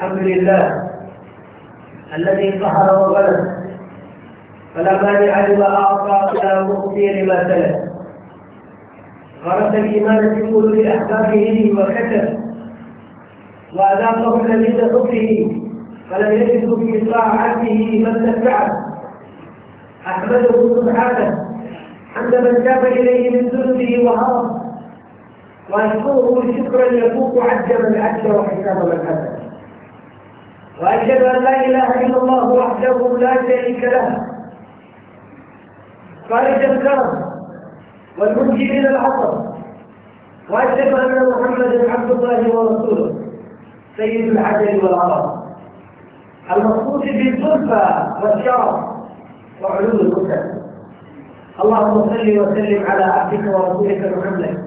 الحمد لله الذي ظهر وغلب فلا مانع لما اعطى ولا مؤتي لما سلب غرس الايمان في قلوب احبابه وكتب واذاقه لذيذ حبه فلم يجد في عبده من تبعه احمده سبحانه حمد من تاب اليه من ذنبه وهرب واشكره شكرا يفوق عد من عد وحساب من حسن وأشهد أن لا إله إلا الله وحده لا شريك له فارج الكرم والمنجي من العطر وأشهد أن محمدا عبد الله ورسوله سيد الحجر والعرب المقصود بالزلفى والشرف وعلو الكتب اللهم صل وسلم على عبدك ورسولك محمد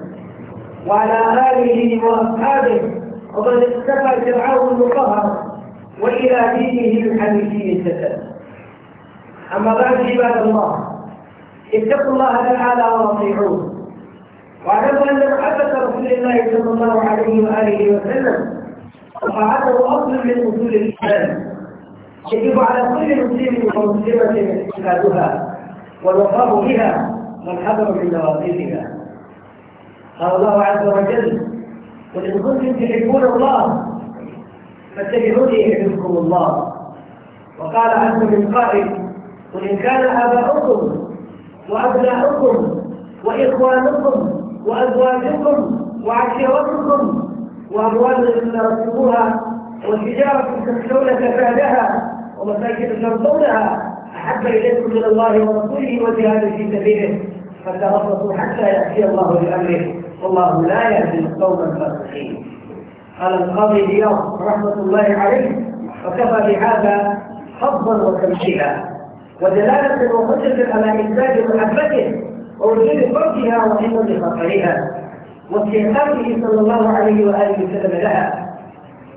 وعلى آله وأصحابه ومن اتبع فرعون المطهر وإلى دينه الحنيفي الجسد أما بعد عباد الله اتقوا الله تعالى وأطيعوه واعلموا أن محبة رسول الله صلى الله عليه وآله وسلم وطاعته أصل من أصول الإسلام يجب على كل مسلم ومسلمة اتخاذها والوفاء بها والحذر من نواقضها قال الله عز وجل قل إن كنتم تحبون الله فاتبعوني يحببكم الله وقال عنه من قائل قل إن كان آباؤكم وأبناؤكم وإخوانكم وأزواجكم وعشيرتكم وأموال اقترفتموها وتجارة تخشون كفادها ومساجد ترضونها أحب إليكم من الله ورسوله وجهاد في سبيله فتربصوا حتى يأتي الله بأمره والله لا يهدي القوم الفاسقين على القاضي دياب رحمة الله عليه وكفى بهذا حظا وتمثيلا ودلالة وحجة على إنتاج محبته ووجود فرقها وحلم لخطرها واستيقاظه صلى الله عليه وآله وسلم لها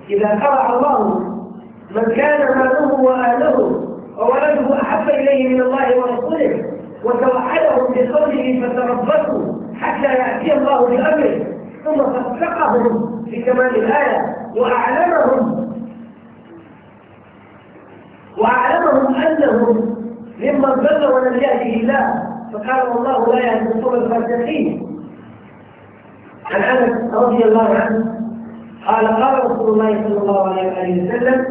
إذا قرع الله من كان ماله وأهله وولده أحب إليه من الله ورسوله وتوحدهم بقوله فتربصوا حتى يأتي الله بأمره ثم فسقهم في كمال الآية وأعلمهم وأعلمهم أنهم ممن ضل ولم يهده الله فقال والله لا يهدي القوم الفاسقين عن انس رضي الله عنه قال قال رسول الله صلى الله عليه وسلم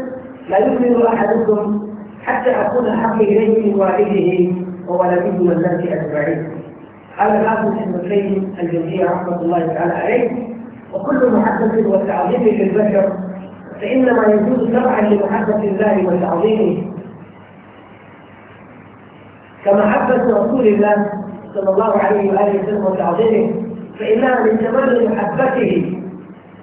لا يؤمن احدكم حتى اكون حق اليه من والده وولده والناس اجمعين على الحافظ ابن القيم الجوزية رحمة الله تعالى عليه وكل محدث وتعظيم للبشر فإنما يجوز تبعا لمحبة الله وتعظيمه كمحبة رسول الله صلى الله عليه وآله وسلم وتعظيمه فإنها من جمال محبته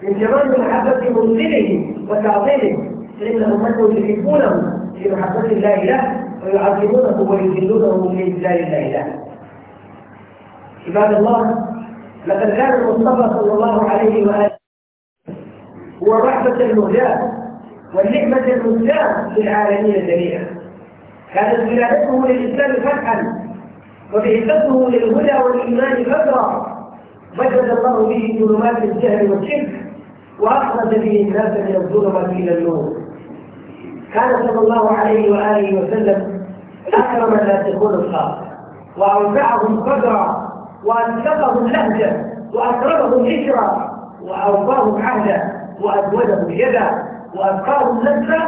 من جمال محبة منزله وتعظيمه فإن أمته يحبونه لمحبة الله له ويعظمونه ويذلونه من ذلك الله له عباد الله لقد كان المصطفى صلى الله عليه وآله هو الرحمة المهداة والنعمة المهداة للعالمين جميعا كانت ولادته للإسلام فتحا وبعثته للهدى والإيمان فجرا مجد الله به ظلمات الجهل والشرك وأخرج به الناس من الظلمات إلى النور كان صلى الله عليه وآله وسلم أكرم الناس الخلقا وأوسعهم قدرا وأسلقهم لهجا وأكرمهم هجرا وأوفاهم عهدا وأزودهم يدا وأبقاهم لذة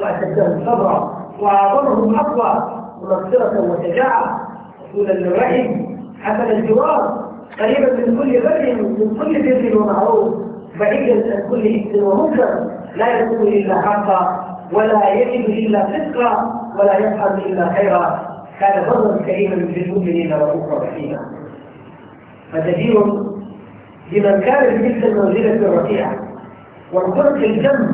وأشدهم صبرا وأعظمهم أقوى مبصرة وشجاعة رسولا للرحم حسن الجوار قريبا من كل بر من كل بر ومعروف بعيدا عن كل إثم ومنكر لا يكون إلا حقا ولا يجد إلا صدقا ولا يفعل إلا خيرا كان فضلا كريما للمؤمنين رؤوفا رحيما فتدين لمن كان تلك المنزلة الرفيعة والخلق الجم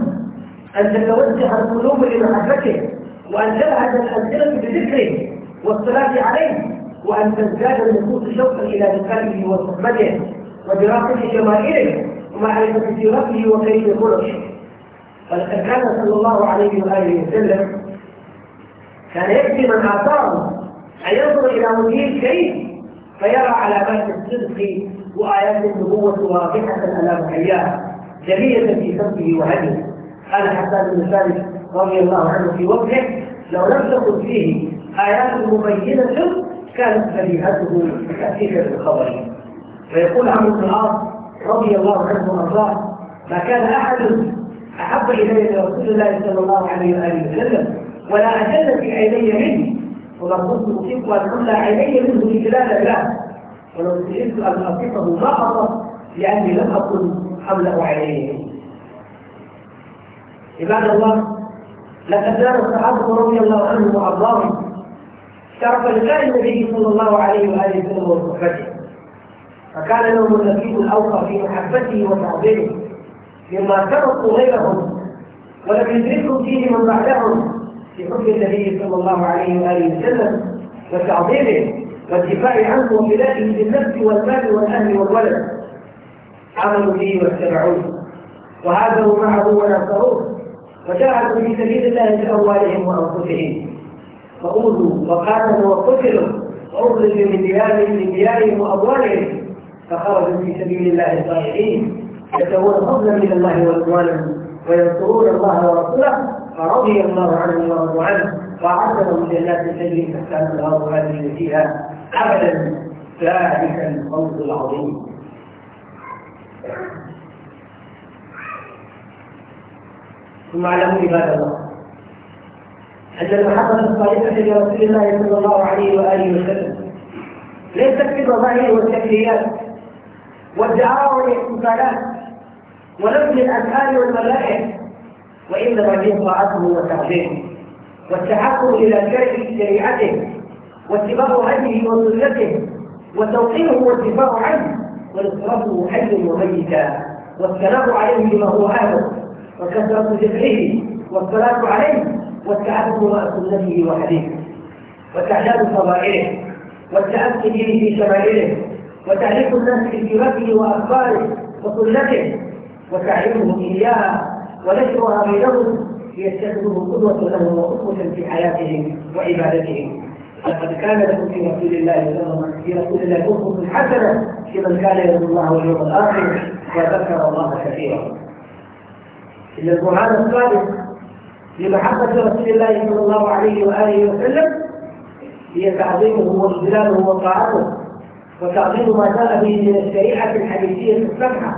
أن تتوجه القلوب لمحبته وأن تلهج الأمثلة بذكره والصلاة عليه وأن تزداد النفوس شوقا إلى ذكره وصحبته ودراسة جمائله ومعرفة سيرته وكيف خلقه فلقد كان صلى الله عليه وآله وسلم كان يكفي من آثاره أن ينظر إلى مدير كيف فيرى علامات الصدق وآيات النبوة واضحة على محياه جلية في سبه وهديه قال حسان بن ثابت رضي الله عنه في وقته لو لم تكن فيه آيات مبينة كانت بديهته تأتيك بالخبر فيقول عمرو بن العاص رضي الله عنه وأرضاه ما كان أحد أحب إلي من رسول الله صلى الله عليه وآله وسلم ولا أجل في عيني منه ولم كنت اصيب ان املا عيني منه لجلال الله ولو سئلت ان اصفه ما اصف لاني لم اكن املا عيني عباد الله لقد زار الصحابه رضي الله عنهم وارضاهم شرف لقاء النبي صلى الله عليه واله وسلم وصحبته فكان لهم النبي الاوفى في محبته وتعظيمه مما تركوا غيرهم ولم يدركوا فيه من بعدهم في حب النبي صلى الله عليه وآله وسلم وتعظيمه والدفاع عنه وبلاده بالنفس والمال والأهل والولد عملوا به واتبعوه وهاجروا معه ونصروه وجاهدوا في سبيل الله بأموالهم وأنفسهم فأوذوا وقاتلوا وقتلوا وأخرجوا من ديارهم من ديارهم وأموالهم فخرجوا في سبيل الله صالحين يبتغون فضلا من الله ورضوانه وينصرون الله ورسوله رضي الله عنه ورضوا عنه وعدهم جنات تجري فكان الارض هذه فيها ابدا ذلك الفوز العظيم ثم اعلموا عباد الله ان محبه الصالحه لرسول الله صلى الله عليه واله وسلم ليست في الرضايا والتكريات والدعاء والاحتفالات ولفظ الافعال والملائكه وإنما من طاعته وتعظيمه والتحكم إلى شرع شريعته واتباع هديه وسنته وتوقيره والدفاع عنه ونصرته حيا وميتا والثناء عليه بما هو أهله وكثرة ذكره والصلاة عليه والتعبد مع سنته وحديثه وتعداد فضائله والتأكد به في شمائله وتعريف الناس بسيرته وأخباره وسنته وتعليمهم إياها ونشرها بينهم ليتخذوه قدوة لهم وأسوة في حياتهم وعبادتهم لقد كان لكم في رسول الله صلى الله عليه وسلم في رسول الله أسوة حسنة لمن كان يرجو الله واليوم الآخر وذكر الله كثيرا. إن القرآن الثالث لمحبة رسول الله صلى الله عليه وآله وسلم هي تعظيمه واجلاله وطاعته وتعظيم ما جاء به من الشريعة الحديثية السمحة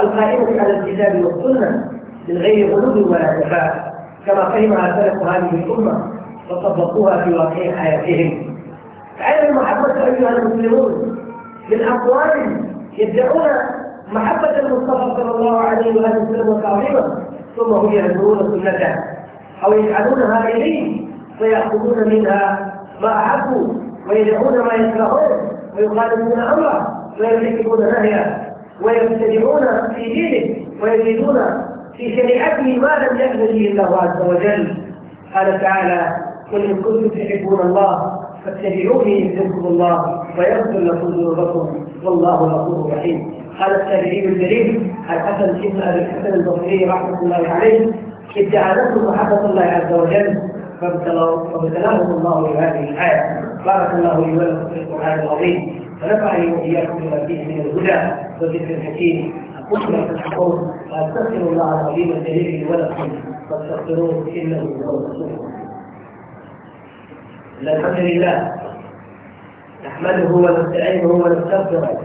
القائمة على الكتاب والسنة من غير غلو ولا جفاء كما فهمها سلف هذه الامه وطبقوها في واقع حياتهم. تعالوا المحبه ايها المسلمون من اقوال يدعون محبه المصطفى صلى الله عليه واله وسلم وتعظيمه ثم هم يهدرون سنته او يجعلونها اليه فياخذون منها ما احبوا ويدعون ما يكرهون ويخالفون امره ويرتكبون نهيه ويبتدعون في دينه ويزيدون في شريعته ما لم يأذن به الله عز وجل قال تعالى قل إن كنتم تحبون الله فاتبعوني يحبكم الله ويغفر لكم ذنوبكم والله غفور رحيم قال التابعي الجليل الحسن بن ابي الحسن البصري رحمه الله عليه ادعانته محبه الله عز وجل فابتلاهم الله بهذه الايه بارك الله لي ولكم في القران العظيم ونفعني واياكم بما فيه من الهدى والذكر الحكيم اقول لكم القول الله العظيم الجليل ولكم فاستغفروه انه هو الغفور الحمد لله نحمده ونستعينه ونستغفره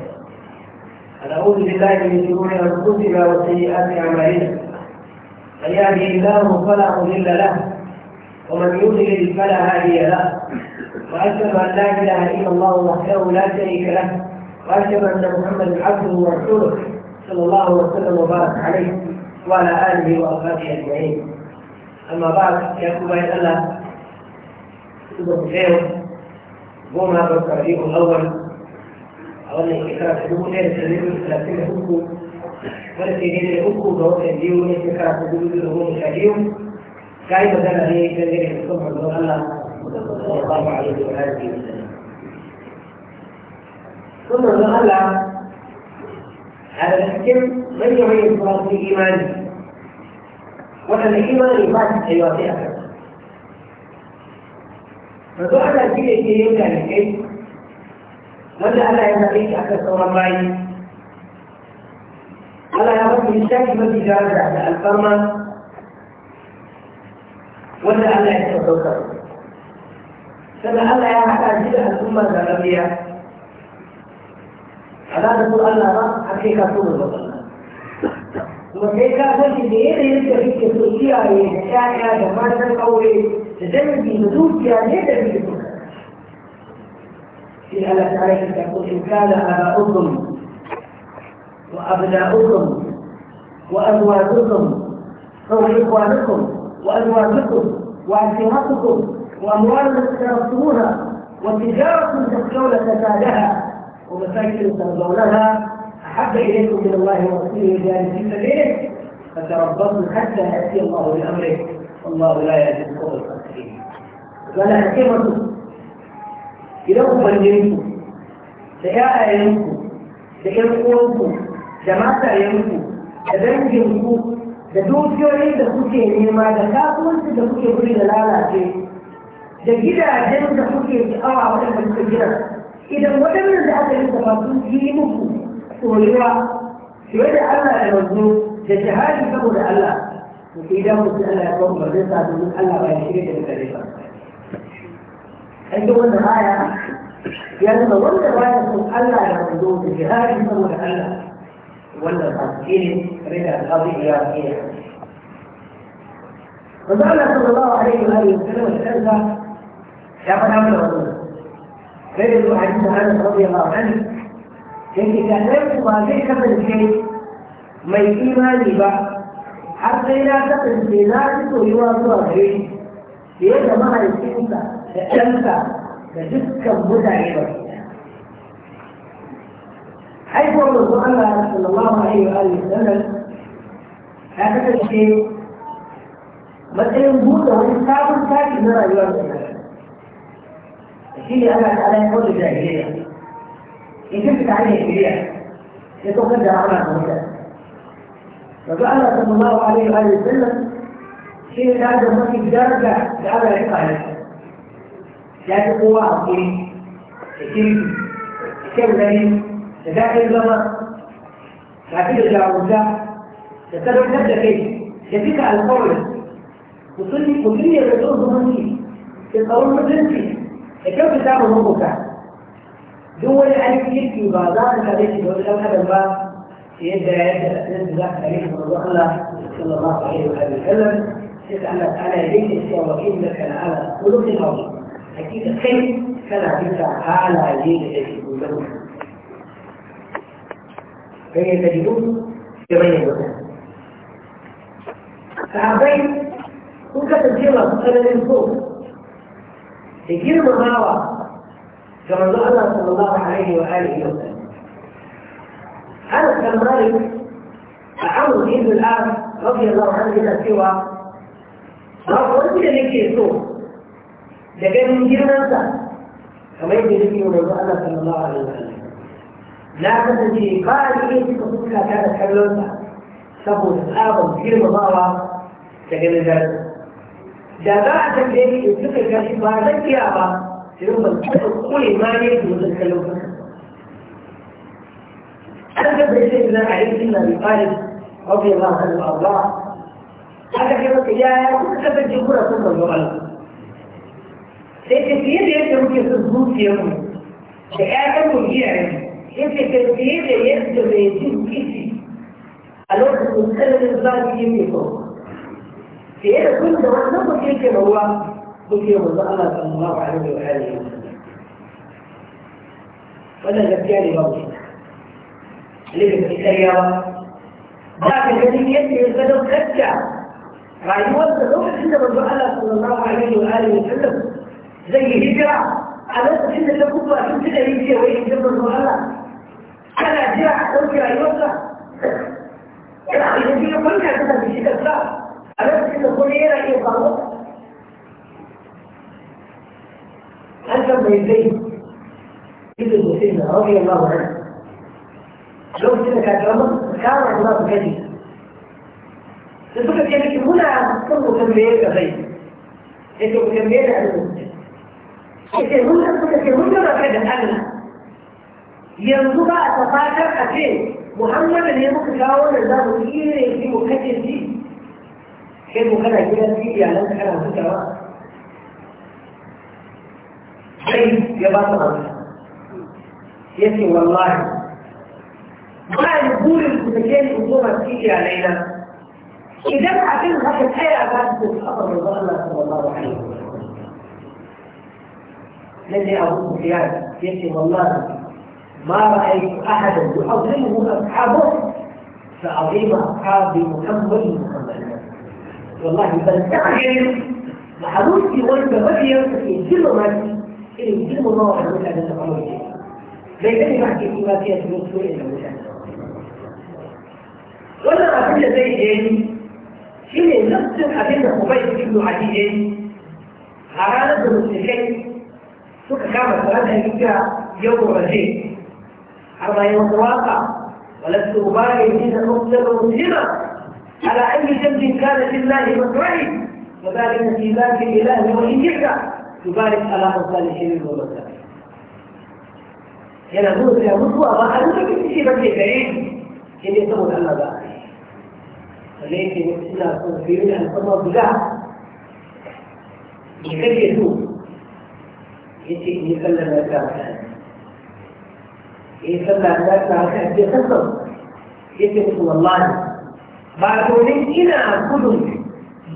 ونعوذ بالله من شرور انفسنا وسيئات اعمالنا من يهده الله فلا مضل له ومن يضلل فلا هادي له واشهد ان لا اله الا الله وحده لا شريك له واشهد ان محمدا عبده ورسوله صلى الله وسلم وبارك عليه وعلى اله واصحابه اجمعين اما بعد يا كوباي الا تبقوا بما بالتعليق الاول اولا كتاب تدوم لين تدوم ثلاثين حكم ولكن هنا حكم ضوء الديو لين كتاب تدوم تدوم شاديو كاي بدل عليه كذلك الصبح الله صلى الله عليه وسلم ثم الله هذا الحكم من يعين في الإيمان وأن الإيمان يفاتح حياتها فدعنا في الإيمان ذلك ولا ألا ينبغي أن تصور معي ألا يرد الشك من إجابة الفرمان ولا ألا يتصور كما ألا يحتاج إلى الأمة الغربية ألا نقول الله kai ka so gaba kuma kai ka sani da yanayin da kake so iyaye da ƴaƴa da matan aure da في ألا تعرف تقول إن كان آباؤكم وأبناؤكم وأزواجكم أو إخوانكم وأزواجكم وأسيرتكم وأموال اقترفتموها وتجارة تخشون كسادها ومساكن ترضونها احب اليكم من الله ورسوله ذلك فكيف فتربصوا حتى ياتي الله بامره والله لا ياتي القول الخاسرين ولا حكمته إذا هو منجمكم سياء يمكم سيرقوكم سماسة يمكم سدنج يمكم سدوس يوين تفوكي نيما دكاتون تفوكي بري دلالة كي دكيدا عجل تفوكي في أوعى وكي تفوكي إذا ما مدمن لهذا يمكم تفوكي يمكم soyuwa soyayya Allah da manzo da jihadi saboda Allah to idan mutum Allah ya kawo ba zai sa domin Allah ba ya shirya da gare ba ai duk wanda baya ya zama wanda baya son Allah da manzo da jihadi saboda Allah wannan ba shi ne rida al'azim ya fiye manzo Allah sallallahu alaihi wa alihi wasallam ya faɗa mana wannan sai da zuwa hadisi Anas radiyallahu anhu yake kasance ba zai kasance mai imani ba har sai na kasance na fi soyuwa zuwa gare shi fiye da mahaifinsa da ɗansa da dukkan mutane ba haifuwar manzo Allah sallallahu alaihi wa alihi sallam ya kasance matsayin buɗe wani sabon taki na rayuwar da shi ne Allah ta'ala ya kawo da ليست عليه كبيرة يتوكل على موته فجعل صلى الله عليه وآله وسلم شيء هذا المسجد درجة لأبا يحق عليه لكن قوة عقلية الكلمة الكلمة تداخل الغمر تعطيه الجعوزة تتبع نبدأ فيه يفيك على القول وصلي كلية الرسول في القول مدنسي كيف تعمل موقفك duk wani aikin kirki ba za ka kare shi da wani ɗan adam ba yadda ya yadda da sanar da za ka kare shi manzo Allah sallallahu alaihi wa sallam sai ka Allah ta'ala ya rike cewa wa inna kana ala kullu hawa hakika kai kana bisa halaye da take gudan kai ya kaji duk ya bayyana wannan sahabbai sun kasance masu tsananin so da girmamawa كرزقنا صلى الله عليه واله وسلم. انس بن مالك عمرو بن الاب رضي الله عنه من سوى رفض ان يجي يسوع. لكن من جيل نفسه فما يجي يجي الله صلى الله عليه وسلم. لا تنسي قائد ايه تقصدك كان كلمة سبو الآب وكير مضارة تقنزل دابعة تقنزل تقنزل تقنزل تقنزل يوم كل ما يجوز الكلام أنا قبل سيدنا ان بن أبي طالب رضي الله عنه وأرضاه هذا كلمة يا كتب الجمهور ثم الجمهور لكن يمكن تظبط يوم شكاكا مرجعا ان تفسير يبدو يجب كسي الوقت المتكلم الظاهر يمكن في هذا كل ده نقص يمكن هو ذكر من الله صلى الله عليه وآله وسلم wannan gaskiya ne babu alifin da ƙarya ba ba ka gani yadda ya sadaukar da rayuwarsa lokacin da manzo Allah sallallahu alaihi wa alihi wa sallam zai yi hijira a lokacin da ta kuka sun ci dari ce wai hijira manzo Allah kana jira a ɗauki rayuwarsa yana da yanzu ya kwanta tana da shi a lokacin da kuma yana iya faruwa كان بيزيد ابن المسلم رضي الله عنه لو سيدنا كان عمر كان عمر كذي الفكرة كانت هنا كل مسميات غير انت مسميات عن المسلم هنا الفكرة في مجرد كذا أنا ينظر أتفاكر أتين محمد اللي يمكن يقول أن هذا مسير في مكتب دي كان مكان عجلان في إعلان كان عمر طيب يا بطل يسي والله ما نقول المتكالي انظمة تيجي علينا إذا عدل هذه الآية بعد الخبر رضا الله صلى الله عليه وسلم لأني أبو يا يسي والله ما رأيت أحدا يعظمه أصحابه فعظيم أصحاب محمد محمد والله بل تعجل محروسي وانت بديا في الظلمات الكلمة الله يقول هذا الأمر ليتني بحكي فيما فيها في الوصول إلى المشاهدة wannan abin da zai yi shi ne nassin abin da kuma yi ibnu adi yi a ranar da musulmai suka kama tsarar da يوم yau da waje har ولست أبالي إن أقتل مسلما على أي ذنب كان لله مكرهي وذلك في ذات الإله وإن جئت يبارك على من صالحين ومن yana nuna ya mutu amma a duka kan shi ba ke gare ni shi ne saboda Allah ba wanda yake ne suna son fiye da al'umma guda me kake so ya ce ni sallar na ta mata ya sallar na ta mata ya ce sassan ya ce musu wallahi ba domin ina gudun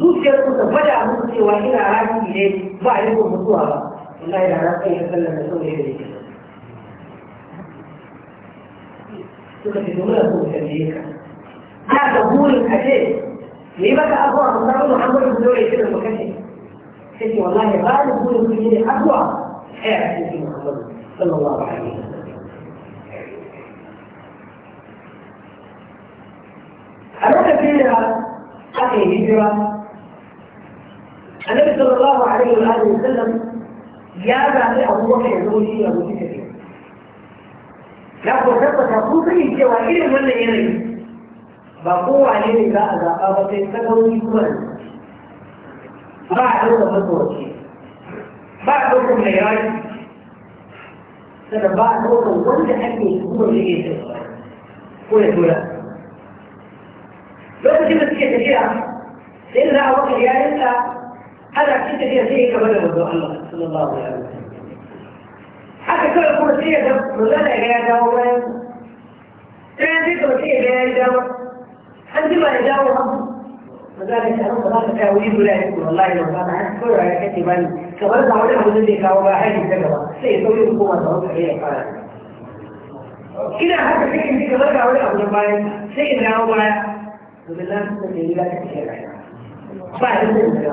zuciyar ku ta gwada muku cewa ina rami ne ba a yi ko mutuwa ba wallahi da na kai sallar da saurayi da yake suka ce domin a kuma tambaye ka da ka burin ka ce me ba ka abuwa musamman muhammadu ku zaure kiran mu kashe sai ce wallahi ba da burin ku ne abuwa tsaya a cikin muhammadu sallallahu alaihi wasallam a lokacin da aka yi hijira النبي صلى الله عليه وآله وسلم يا بني أبو بكر يدوني يا أبو بكر يا أبو بكر تقولي إن جوا إلى من يني بقوة عليه لا لا أبو بكر تقولي كمان ما عدوك بطوتي ما عدوك ميراني سنة بعد روكم كل حكي يكون لي إيه كل دولة لو تجيب السكية تجيها إلا وقت يا إلا هذا كنت فيها شيء كبدا وضوء الله صلى الله عليه وسلم حتى كل الكرسية ده ملانا جاية دوما تنزل كرسية جاية دوما أنت ما يجاوب وذلك أنا صلاة تأويل ولا يقول والله لو كان عندك كل على كتبا كبرت على أبو ذنبي كاوبا هذه الزجرة سيسوي حكومة ضغط عليه قال كده حتى فكر دي كبرت على أبو ذنبي سيدنا عمر وبالله سبحانه وتعالى بعد ذنبي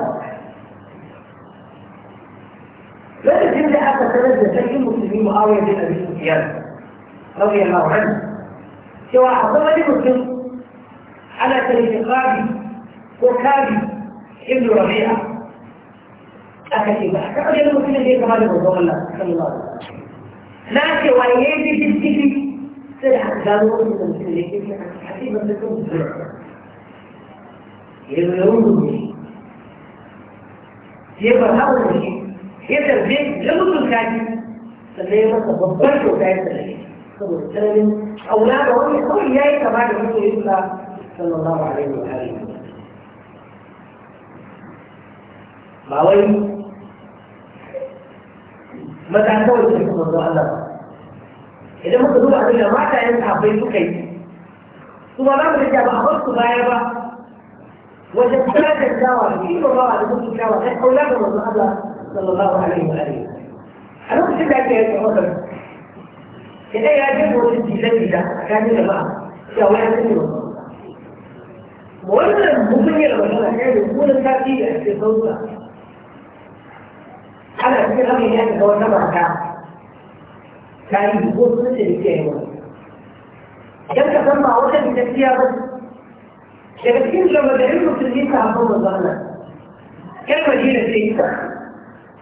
لا تجد لي حتى تنزل زي المسلمين معاوية بن أبي سفيان رضي الله عنه سوى بن مسلم على تلفقابي وكابي ابن ربيعة أكتب كما جاء المسلمين في كمال رسول الله صلى الله عليه وسلم لا سوى يدي بالسفي قالوا من المسلمين حسيبا لكم يبقى ya tarbe ya mutum kaji sannan ya masa babbar kyauta ya tsallake saboda tsananin aula da wani kawai ya yi kama da mutum ya tsula sallallahu alaihi wa alihi ba wai maza kawai da suka manzo Allah idan muka duba abin da mata yan sahabbai suka yi su ba za mu rike ba a bar su baya ba wajen kula da dawa da ba da mutum dawa sai aula da manzo Allah صلى الله عليه وآله أنا كنت قاعد يا عمر إذا يا جمهور الجيل ده كان يا جماعة يا ولد اليوم wannan mugunyar magana ya da kuna tafi a cikin sauka ana cikin ramin ya ga wata mata ta yi ko sun ce da ke yi idan ka san ba wata da tafiya ba daga cikin shugabannin musulmi ta hafa manzo Allah yan madina sai ta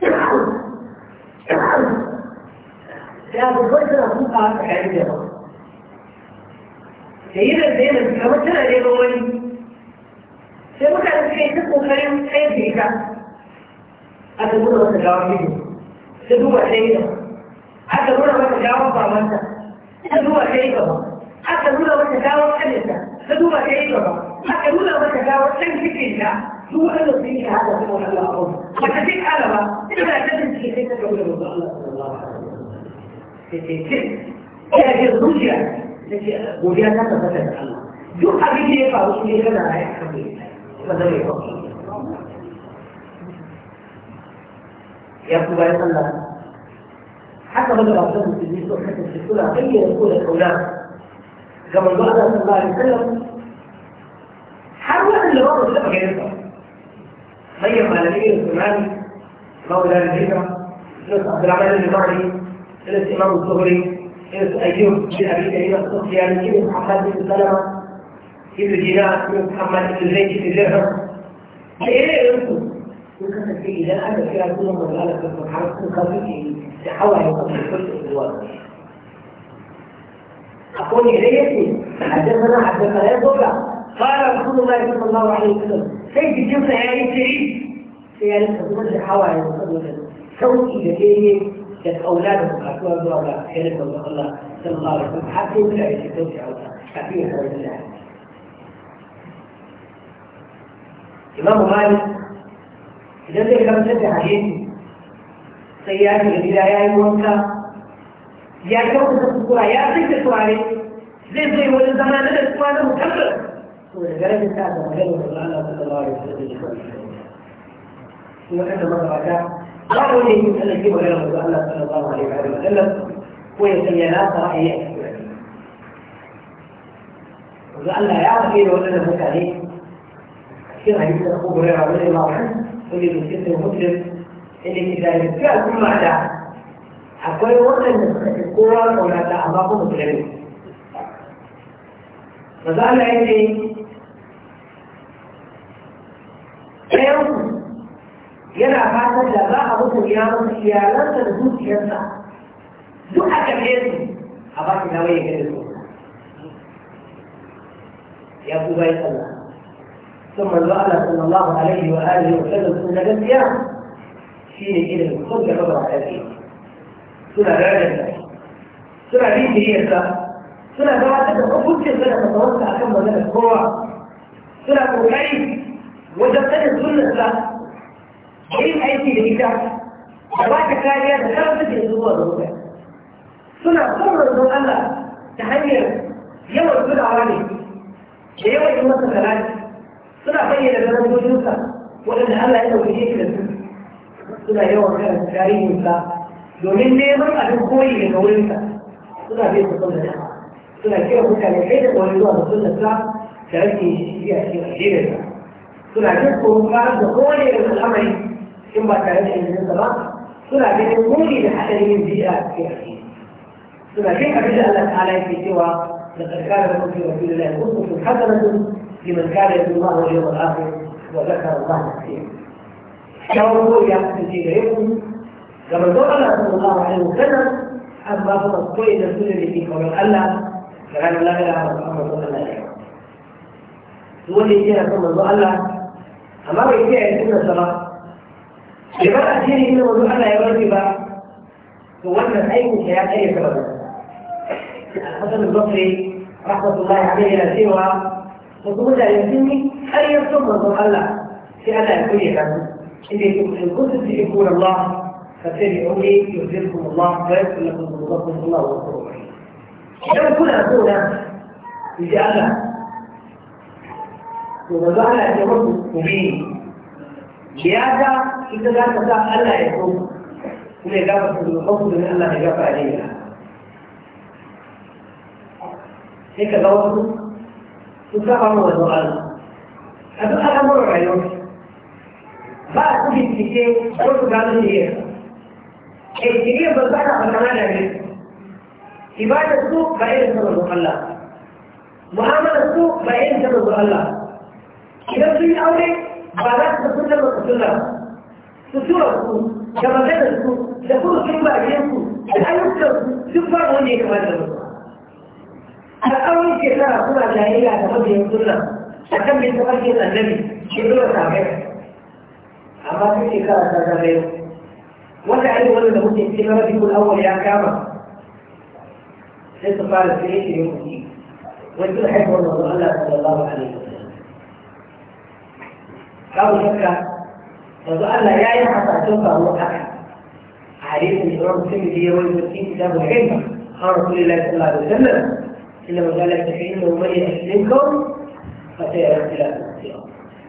يعني بفكر أكون قاعد حالي جوا سيدة زينة كما ترى ليه بولي سيما كان في حيثك وخير خير فيك حتى بولا ما تجاوب منه سيدوها سيدة حتى بولا ما تجاوب بعملتها سيدوها سيدة حتى بولا ما تجاوب حدثها سيدوها سيدة حتى بولا ما تجاوب حدثك شو قالوا فيه هذا في محل أقوم فكثير هذا ما إذا كانت في حيث قول رضا الله صلى الله عليه وسلم في حيث هذه الرجع التي بوليا كانت فتح الله شو حبيبي يقع وشو يقع لا يحبي ماذا يقع يقول عليه الله حتى بدل أفضل في الجيسو حتى الشكولة أي يقول الأولاد قبل بعض صلى الله عليه وسلم حاول أن اللي برضه سبق ينفع خير ما نبيه الإمام مولى الهجرة إنس عبد الرحمن المعري إنس إمام الزهري إنس أيوب بن أبي كريم السفياني إنس محمد بن سلمة ابن جناح بن محمد بن زيد بن جهر إيه إنسوا وكانت في إلى إيه؟ أن في أكون من قال في الحرب كان في حوالي كل الوقت أقول إليه إيه؟ حدثنا حدثنا يا قال رسول الله صلى الله عليه وسلم sai jikinsa ya yi tiri sai ya rinka zubar da hawaye saboda sauƙi da daidai da kaula da bukatuwa zuwa ga ayyukan manzon Allah sallallahu alaihi wasallam har sai mutane su kauce a wata kafin ya kawar da Imam Malik idan zai karantar da hadisi sai ya shiga gida ya yi wanka ya kauce da kura ya tsinta turare zai zai wani zama na da kuma na mutabbar ولذلك كان غير الله صلى الله عليه وسلم في أن مدركة لا يريد أن يجيب غير الله صلى الله عليه وسلم ويتيانات رأيه لأن يعرف إيه ولا نفوت عليه كثير حديث أبو هريرة رضي الله عنه يقول مسلم مسلم اللي إذا جاء كل معنى أقول ولا نفوت الكورة ولا تعمقوا مسلمين فقال عندي yana fatan da za a mutum ya mutu iyalansa da zuciyarsa duk a kalle su a ba shi nawa ya gani su ya ku bai sallah ثم قال صلى الله عليه واله وسلم سنة الصيام شيء الى الخلق الرضا عليه سنة رجل سنة بيتيسا سنة بعد الخبز سنة تتوسع كما ذلك الكوع سنة كوكاي وجدت سنة yin aiki da ita da ba ta kariya da karfi da zuwa zuwa suna son rundun Allah ta hanyar yawan turawa ne da yawan yi masa salati suna bayyana zarafojinsa waɗanda Allah ya ɗauke shi da su suna yawan karanta tarihinsa domin neman abin koyi daga wurinsa suna bai su son da suna kiran mutane kai da ƙwari zuwa da sunnarsa da rage shi a cikin ajiyarsa suna jin tsoron ƙarar da kowane daga al'amari in ba tare da ilimin ba suna ganin muni da haɗarin yin bid'a a cikin addini suna jin abin da Allah ta'ala yake cewa لقد كان لكم في رسول الله أسوة حسنة لمن كان يرجو الله واليوم الآخر وذكر الله كثيرا. شاوروا يا سيدي غيركم كما قال الله صلى الله عليه وسلم أما هو الطيب السنة التي قال الله فكان لا إله إلا الله صلى الله عليه وسلم. هو اللي يجينا ثم الله أما ما يجينا السنة صلاة da ba a jini inda wanzu Allah ya warke ba to wannan aikin ya kare ta ba Hassan al-Basri rahmatullahi alaihi yana cewa wasu mutane sun yi ƙaryar son manzon Allah sai Allah ya kure ka su inda yake mutum kuntum ta iko da Allah fa sai da aure yuzilkum Allah wa yaghfir lakum dhunubakum Allah wa ghafurur rahim idan kuna so na ji Allah to manzon Allah ya ce muku ku bi ya ta ita za ta sa Allah ya so kuma ya gafa su da kanku domin Allah ya gafa ne ya sai ka ga wasu sun saba mu wajen Allah a duk al'amuran rayuwa ba a su bincike ko su gano shirya kai shirya ba za ta fakana da ne ibadar su ba irin ta wajen Allah mu'amalar su ba irin ta wajen Allah idan sun yi aure ba za su tafi da masu sunna suturarku da maganarku da furucin bayanku da ayyukanku duk ba wanda ya kamata da a tsawon shekara kuna jayayya da mabiyan sunna a kan bin tafarkin annabi shekara ta kai amma duk shekara ta zama yau wanda ai wanda da muke cikin rabi kun awwal ya kama sai su fara sai shi ne kuɗi wajen haihuwar manzon Allah sallallahu alaihi wasallam babu shakka yanzu Allah ya yi hasashen faruwar haka a hadisin Imam Muslim da ya rawaito cikin kitabul ilm an Rasulullahi sallallahu alaihi wasallam inna majalaka ta inna man yaslinkum fa sayara ikhtilafa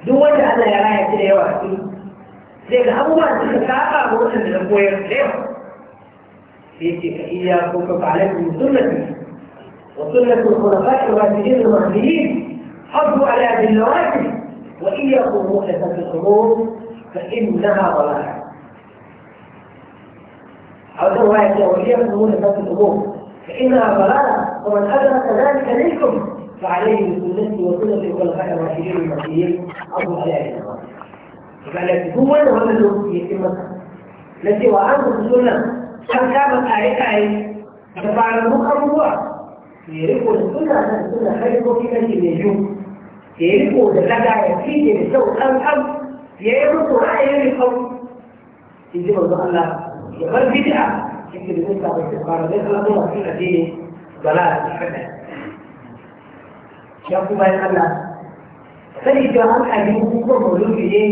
duk wanda Allah ya raya shi da yawa shi zai ga abubuwan da suka saba ga wannan da koyar da yawa sai ce ka iya ko ka fa'alatu sunnati wa sunnatu al-khulafa'i ar-rashidin al-mahdiyyin حضوا على بالنوافل وإياكم محدثة الأمور فإنها ضلالة أو رواية وهي يسمون ذات الأمور فإنها ضلالة ومن أدرك ذلك منكم فعليه بسنتي وسنة الخلفاء الراشدين المهديين أبو علي فقال هو ولا في يتم التي وعنه السنة كم كانت آية آية ففعلهم أبوها يعرفوا السنة أن السنة خير في التي يجوب يعرفوا لك يكفيه بالسوء أم أم ya yi musu ra'ayin kauri shi ji manzo Allah ya bar bid'a yake da zai samu istighfar zai Allah zuwa cikin addini bala da kada ya kuma yin Allah sani da an abi ko mauludi ne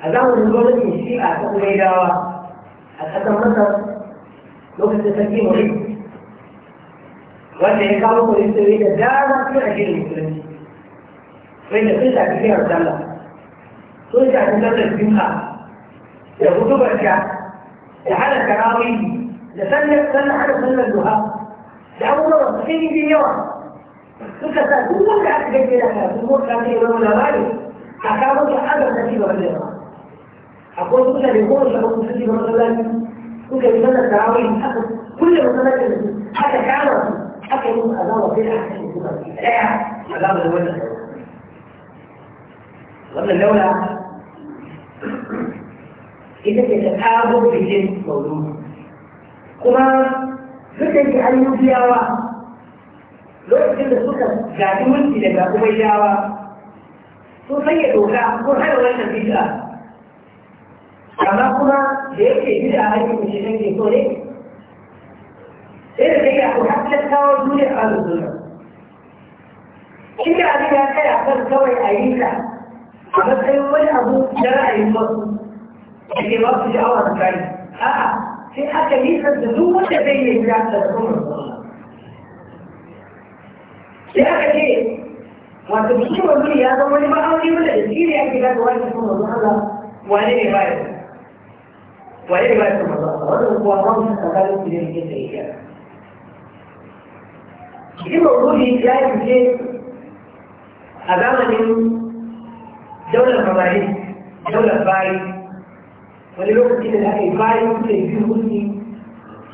a zamanin gwamnatin shi'a ta Umayyawa a ƙasar Masar lokacin sarki Maulid wanda ya kawo maulidi da dama cikin addinin Musulunci wanda sun shafi kiyar Allah ترجع تمرس منها لخطبتك لحالة تراويه لسنة سنة على سنة الدهاء لأول مرة تسيني في يوم كنت تقول لك أنت جاي لك تقول لك أنت يوم الأغاني أكابت أبدا تسيبه في اليوم أقول كنت يقول لك أنت تسيبه في سنة كنت يسنة تراويه كل مسألة حتى كانت حتى يوم أدارة في الأحسن لا أدارة الولد لما اللولة ita ce ta kago bikin mauludi kuma sukan yi ayyubiyawa lokacin da suka gaji mulki daga ubayyawa sun sanya doka sun hana wannan bid'a amma kuma da yake bid'a ake mace nan ke so ne sai da sai ya ku hakkan kawo duniya a zuwa inda abin ya kai a kan kawai a yi ka a matsayin wani abu na ra'ayin wasu اللي ما في شعور الثاني اه في حاجه ليس بدون تبين اللي عندها الامر في حاجه ليه wato bikin wani ya zama wani ma'auni wanda da shi ne ake gada wani sun mazu Allah wane ne bayan wane ne bayan sun mazu Allah wanda kuwa ba mu tsakanin su ne muke da iya bikin wani ya yi fice a zamanin daular kamari daular bayi wani lokaci da aka yi bayan suke biyu mulki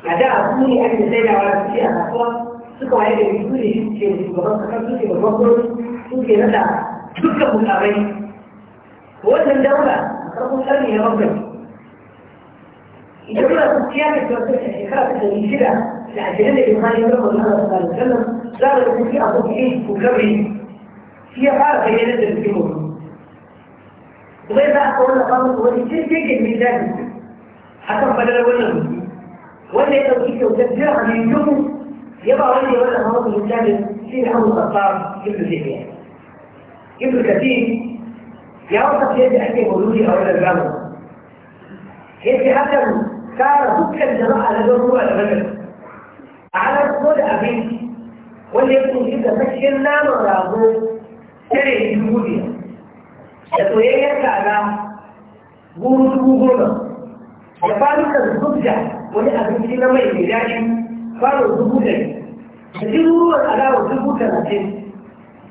a da su ne ake sai da wani suke a kasuwa suka waye da su ne shi ce shugaban kasar su ke babban gwamnati su ke nada dukkan mukamai wannan daula a karfin karni na bakwai idan muna sun ciya da kyautar a shekara ta ɗari shida da ashirin da imanin rukun na rasu da sallam za mu da kuke a kuke yin kukarri shi ya fara bayyana da suke mu وغير بقى قولنا هو دي كتير تجد من ذلك حتى بدل ولا ولا يتوكيك وتبدير عن يجوم يبقى ولي ولا خالص من ذلك في محمد الأطار ابن زيديان كتير يا يعرف في يدي أحكي مولودي أو إلى الجامعة يدي حكم كان تلك الجماعة لدور روح الغنم على كل أبيك واللي يكون جدا فكرنا مرابو تري جمهوريا da soyayyar kaza guru dubu goma da farukan zubda wani abinci na mai mai daɗi faro dubu ɗari da jiruruwar alawa dubu talatin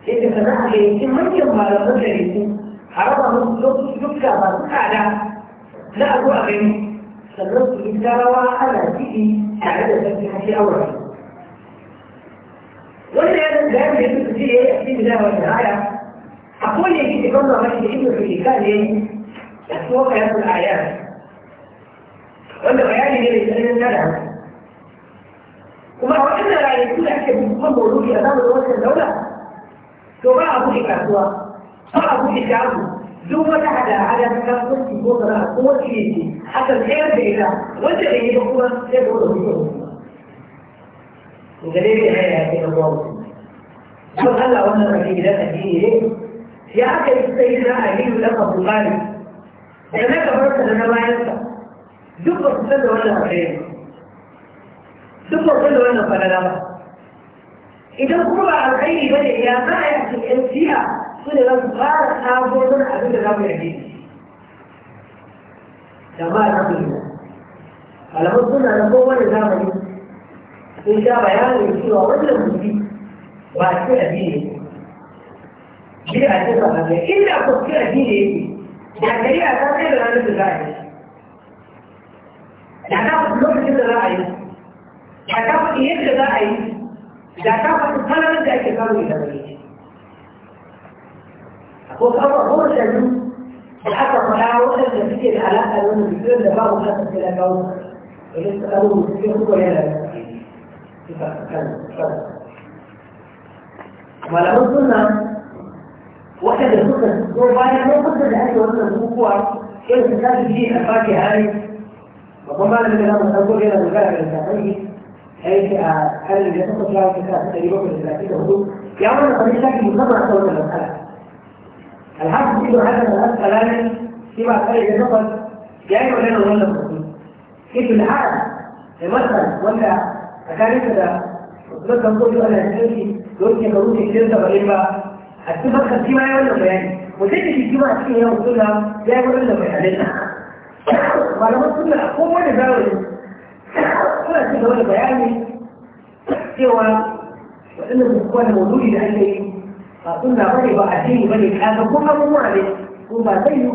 yadda sana'a da yankin manyan malaman da yankin a raba musu lokacin dukka masu tsada na abu a gani sannan su yi tarawa ana ciki tare da sarki hashi aure wanda ya zanga ya fi su ce ya yi a cikin da wata haya أقول لك تتجمع ماشي بإنه في الإنسان ليه؟ بس هو قياس الأعيان وأنه خيالي يعني ليه الإنسان نلعب ومع أن لا يكون أحسن من كل مولود أمام الوطن الدولة ثم أبوك كأسوار صعبوا يتعبوا ثم تحت على تكفل في بطن قوة كليتي حتى الخير بإله وانت اللي يبقوا تدعو له وقال لي هيا يا الله قال الله وانا في بلاد الدين ليه؟ ya aka yi sai na aliyu da abu bari da na gabarsa da na bayansa duk ba su san da wannan alheri duk ba san da wannan falala ba idan kuma ba alheri ba ne ya za a yi cikin yan jiya su ne za su fara sabo don abin da za mu yi da ma a zamu yi alamun suna na kowane zamani sun sha bayanin cewa wannan mutum ba a cikin addini ne بدعة تبقى خطيئة إلا تذكرة دين إيه؟ يعني ليه أساس إيه لأنا نفس الرأي؟ يعني تاخد لوحة كده الرأي يعني تاخد إيه كده الرأي؟ يعني تاخد الطلبة أنت أكتبه إلى بريد أقول أول هو شنو؟ حتى الطلاع وصل نتيجة العلاقة لأنه بيقول ده بقى وخلص كده جو ولسه قالوا في هو يلا ولا مصنع وكان السنة وبعد ما قلت لأنه أنه الموضوع كيف تتابع فيه الفاكهة هذه وطبعا لما أقول هنا المبالغة الإنسانية هي هل اللي يتصل فيها الكتاب تقريبا من الثلاثين هدوء يعني أنا قد لك مجمع صوت المسألة الحق في هذا المسألة فيما قال يتصل يعني ولا ولا كيف الحال المسألة ولا أكاد كده وكذا هتشوف اكثر يعني. فيه معايا ولا بيان وست الجمعه تيجي هي وتقول لها يا ابو الله ما يحللنا معلومات كل الحكومه وانا باول كل الشيء ده ولا بيان سوى وان الاسبوع الموضوعي ده اللي قلنا بني بقى عشان بني حاجه علي مو عليه وما زيه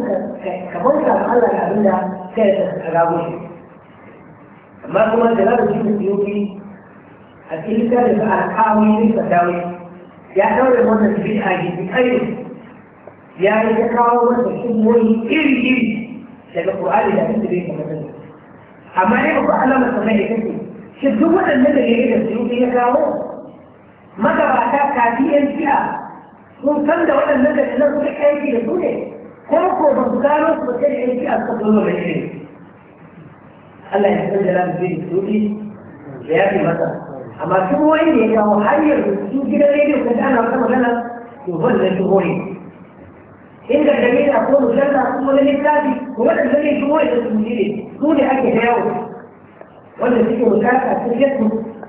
كمرجع على يعملنا كانت اجاوبه ما هو جلال الدين السيوطي الكلمه اللي بقى الحاوي للفتاوي ya daure wannan bid'a ne kai ya yi ta kawo masa hikimomi iri iri daga Qur'ani da inda bai kamata ba amma ne ba alama kamar da kake shi duk waɗannan da yake da su ya kawo magabata kafin yan bid'a sun san da waɗannan da nan suka aiki da su ne ko ko ba su gano su ba sai yan bid'a suka zo da shi Allah ya san da ran bin su ya fi masa amma duk wanda ya kawo hanyar su gidan rediyo ka ji ana wata magana to wannan shigo ne in ga dalilin a kowane mujalla kuma na littafi kuma da zai shigo da su ne su ne ake da yawo wanda suke mutaka sun yadda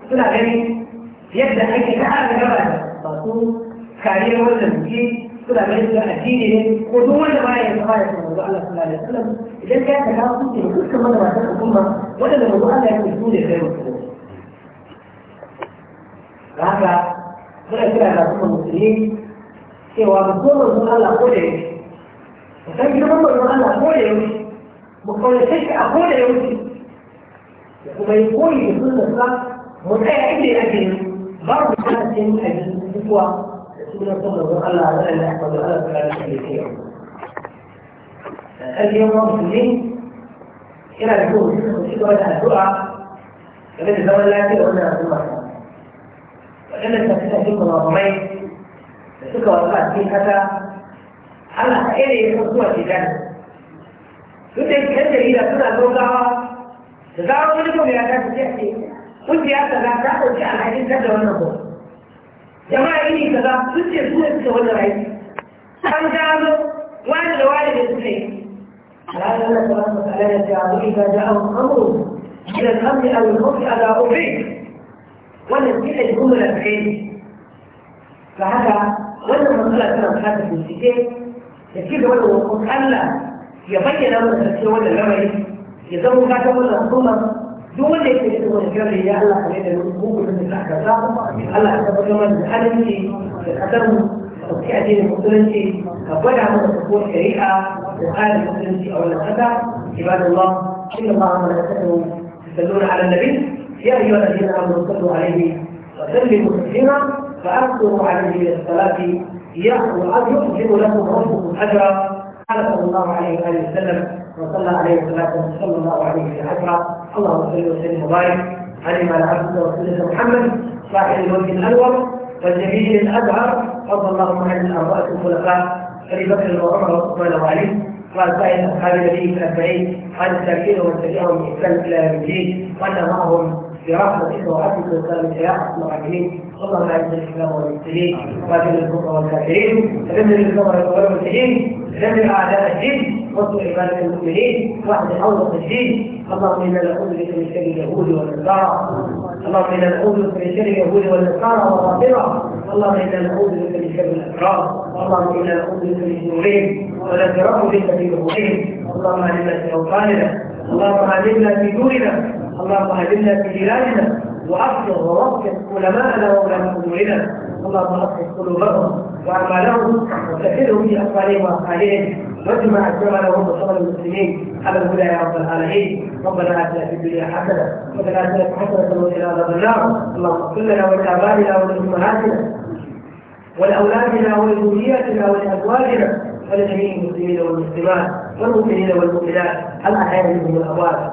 suna ganin yadda ake ta haka gaba masu kariyar wannan buke suna ganin su addini ne ko duk wanda ba ya zama ya samu Allah sallallahu alaihi wasallam idan ka ta kawo su ne dukkan mana masu al'umma wanda da Allah ya ce su ne kai musulmi da haka muna kira da kuma musulmi cewa mu so manzon Allah ko da yaushe mu san girman manzon Allah ko da yaushe mu kaunace shi a ko da yaushe da kuma yi koyi da sunnarsa mu tsaya inda ya ke babu kasance a jikin dukwa da sunan son manzon Allah a zanen da aka zo Allah ta rana da ke yau. Kan yi yawan musulmi yana da kowace su ci gaba da addu'a game da zaman lafiya wannan al'umma. irin tafiye munazamai da suka wasu a cikin kasa Allah ta iri ya san zuwa shidan duk da yan jarida suna gaugawa da zarar wani kuma ya tafi sai ce kungiya kaza ta ɗauki alhakin kada wannan ba jama'a iri kaza sun ce su ne suka wannan aiki an gano wani da wani da suka yi العالم سبحانه وتعالى يجعل إذا جاءهم أمر من الأمن أو الخوف على أمره ولكن الجملة العلمية فهذا وإذا ما طلعت أنا في هذا الموسيقين لكن ولو قلت ألا يبين أمر الشيء ولا الرمي يزوج لك أمر الصومة دون أن يكون يسمى الكلام يا الله خلينا نقول من الأحكام لا الله عز وجل من الحلم في الأسر وفي أدين المسلمين فبدا من الصفوة الشريعة وقال المسلمين أولا هذا عباد الله إن الله عز وجل يصلون على النبي يا أيها الذين آمنوا صلوا عليه وسلموا تسليما فأكثروا عليه من الصلاة يحجب لكم ربكم أجرا قال صلى الله عليه وآله وسلم وصلى عليه وسلم صلى الله عليه وسلم اللهم صل وسلم وبارك على ما عبد محمد صاحب الوجه الأنور والجميل الأزهر رضي الله عن الأرواح الخلفاء أبي بكر وعمر وعثمان وعلي وسائر أصحاب النبي الأربعين عن التاكيد ومن من بإحسان إلى يوم الدين وأن معهم برحمتك وحبك وسلامك يا ارحم الراحمين اللهم اعز الاسلام والمسلمين واذل الكفر والكافرين دمر الكفر والمسلمين دمر اعداء الدين وانصر عبادك المؤمنين واحد اوضح الدين اللهم انا نعوذ بك من شر اليهود والنصارى اللهم انا نعوذ بك من شر اليهود والنصارى والباطله اللهم انا نعوذ بك من شر الاشرار اللهم انا نعوذ بك من شرورهم ونذكره بك في ظهورهم اللهم علمنا في اوطاننا اللهم علمنا في دوننا اللهم اهدنا في بلادنا واصلح ووفق علماءنا وعلماء امورنا اللهم اصلح قلوبهم واعمالهم وسهلهم في اقوالهم وافعالهم واجمع اكرمهم وشر المسلمين على الهدى يا رب العالمين ربنا اتنا في الدنيا حسنه وفي الاخره حسنه الى عذاب النار اللهم اغفر لنا ولابائنا ولامهاتنا ولاولادنا ولذرياتنا ولازواجنا ولجميع المسلمين والمسلمات والمؤمنين والمؤمنات الاحياء منهم الاموات